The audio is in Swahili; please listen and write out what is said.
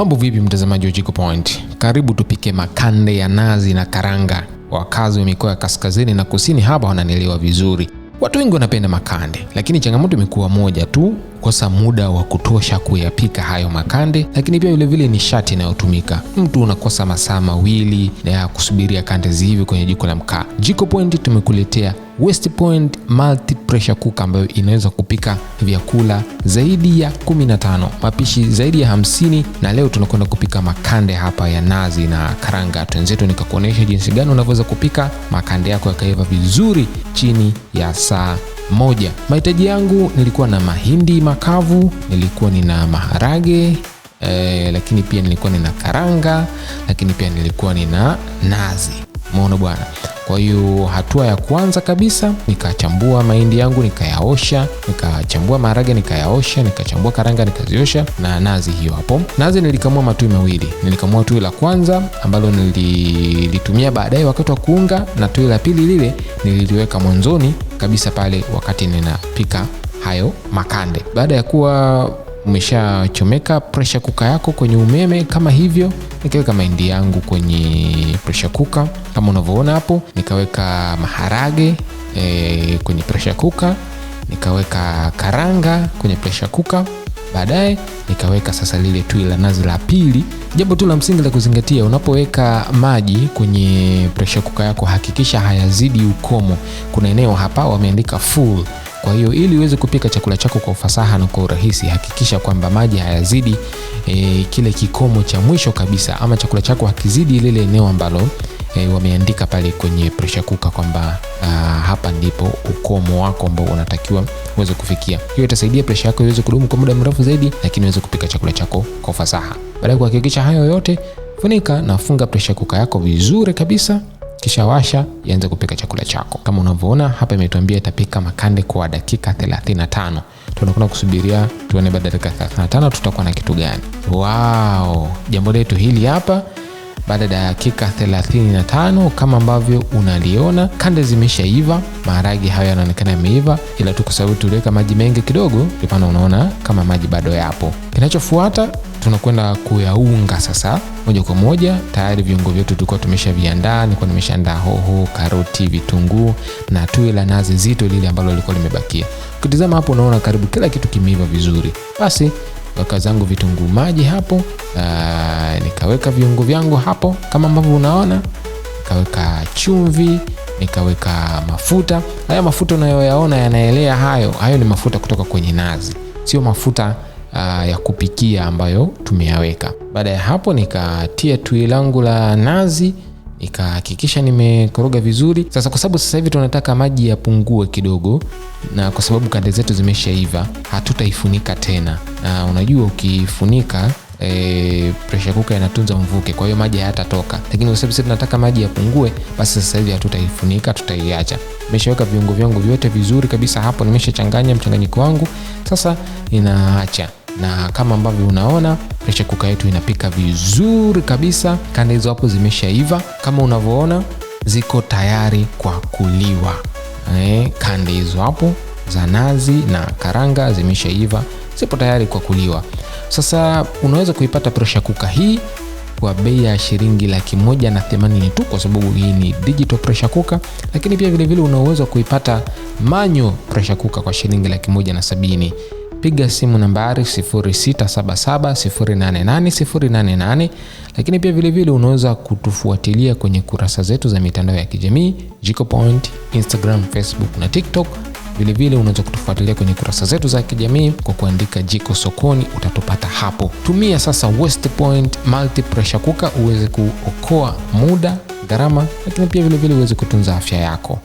Mambo vipi, mtazamaji wa Jiko Point, karibu tupike makande ya nazi na karanga. Wakazi wa mikoa ya kaskazini na kusini hapa wananielewa vizuri. Watu wengi wanapenda makande, lakini changamoto imekuwa moja tu, kukosa muda wa kutosha kuyapika hayo makande, lakini pia vilevile nishati inayotumika. Mtu unakosa masaa mawili ya kusubiria kande zihivi kwenye jiko la mkaa. Jiko Point tumekuletea West Point multi pressure cooker ambayo inaweza kupika vyakula zaidi ya 15 mapishi zaidi ya hamsini, na leo tunakwenda kupika makande hapa ya nazi na karanga. Twenzetu nikakuonyesha jinsi gani unavyoweza kupika makande yako yakaiva vizuri chini ya saa moja, mahitaji yangu nilikuwa na mahindi makavu, nilikuwa nina maharage e, lakini pia nilikuwa nina karanga, lakini pia nilikuwa nina nazi. Umeona bwana. Kwa hiyo hatua ya kwanza kabisa nikachambua mahindi yangu nikayaosha, nikachambua maharage nikayaosha, nikachambua karanga nikaziosha na nazi hiyo hapo. Nazi nilikamua matui mawili, nilikamua tui la kwanza ambalo nililitumia baadaye wakati wa kuunga na tui la pili lile nililiweka mwanzoni kabisa pale wakati ninapika hayo makande. Baada ya kuwa umeshachomeka pressure kuka yako kwenye umeme kama hivyo. Nikaweka mahindi yangu kwenye pressure kuka kama unavyoona hapo, nikaweka maharage e, kwenye pressure kuka, nikaweka karanga kwenye pressure kuka baadaye nikaweka sasa lile tui la nazi la pili. Jambo tu la msingi la kuzingatia unapoweka maji kwenye pressure kuka yako, hakikisha hayazidi ukomo. Kuna eneo hapa wameandika full kwa hiyo ili uweze kupika chakula chako kwa ufasaha na kwa urahisi, hakikisha kwamba maji hayazidi e, kile kikomo cha mwisho kabisa, ama chakula chako hakizidi lile eneo ambalo e, wameandika pale kwenye pressure cooker kwamba hapa ndipo ukomo wako ambao unatakiwa uweze kufikia. Hiyo itasaidia pressure yako iweze kudumu kwa muda mrefu zaidi, lakini uweze kupika chakula chako kwa ufasaha. Baada ya kuhakikisha hayo yote, funika na funga pressure cooker yako vizuri kabisa kisha washa ianze kupika chakula chako. Kama unavyoona hapa, imetuambia itapika makande kwa dakika 35. Tunakwenda kusubiria tuone baada ya dakika 35 tutakuwa na kitu gani. Wow, jambo letu hili hapa baada ya dakika 35 kama ambavyo unaliona, kande zimeshaiva, maharage hayo yanaonekana yameiva, ila tu kwa sababu tuliweka maji mengi kidogo, ndio unaona kama maji bado yapo. Kinachofuata tunakwenda kuyaunga sasa moja kwa moja. Tayari viungo vyetu tulikuwa tumeshaviandaa, nilikuwa nimeshaandaa hoho, karoti, vitunguu na tui la nazi zito lile ambalo lilikuwa limebakia. Ukitizama hapo, unaona karibu kila kitu kimeiva vizuri. Basi weka zangu vitunguu maji hapo. Aa, nikaweka viungo vyangu hapo kama ambavyo unaona, nikaweka chumvi nikaweka mafuta. Haya mafuta unayoyaona yanaelea, hayo hayo ni mafuta kutoka kwenye nazi, sio mafuta uh, ya kupikia ambayo tumeyaweka. Baada ya hapo, nikatia tui langu la nazi nikahakikisha nimekoroga vizuri. Sasa kwa sababu sasa hivi tunataka maji yapungue kidogo, na kwa sababu kande zetu zimeshaiva, hatutaifunika tena, na unajua ukifunika E, presha kuka inatunza mvuke, kwa hiyo maji hayatatoka, lakini kwa sababu sisi tunataka maji yapungue, basi sasa hivi hatutaifunika, tutaiacha. Nimeshaweka viungo vyangu vyote vizuri kabisa hapo, nimeshachanganya mchanganyiko wangu, sasa ninaacha na kama ambavyo unaona pressure cooker yetu inapika vizuri kabisa. Kande hizo hapo zimeshaiva kama unavyoona, ziko tayari kwa kuliwa. E, kande hizo hapo za nazi na karanga zimeshaiva, zipo tayari kwa kuliwa. Sasa unaweza kuipata pressure cooker hii kwa bei ya shilingi laki moja na themanini tu, kwa sababu hii ni digital pressure cooker, lakini pia vilevile una uwezo wa kuipata manyo pressure cooker kwa shilingi laki moja na sabini piga simu nambari 0677088088 lakini pia vilevile unaweza kutufuatilia kwenye kurasa zetu za mitandao ya kijamii Jiko Point, Instagram, Facebook na TikTok. Vilevile unaweza kutufuatilia kwenye kurasa zetu za kijamii kwa kuandika Jiko Sokoni, utatupata hapo. Tumia sasa West Point Multi Pressure Cooker uweze kuokoa muda, gharama, lakini pia vilevile uweze kutunza afya yako.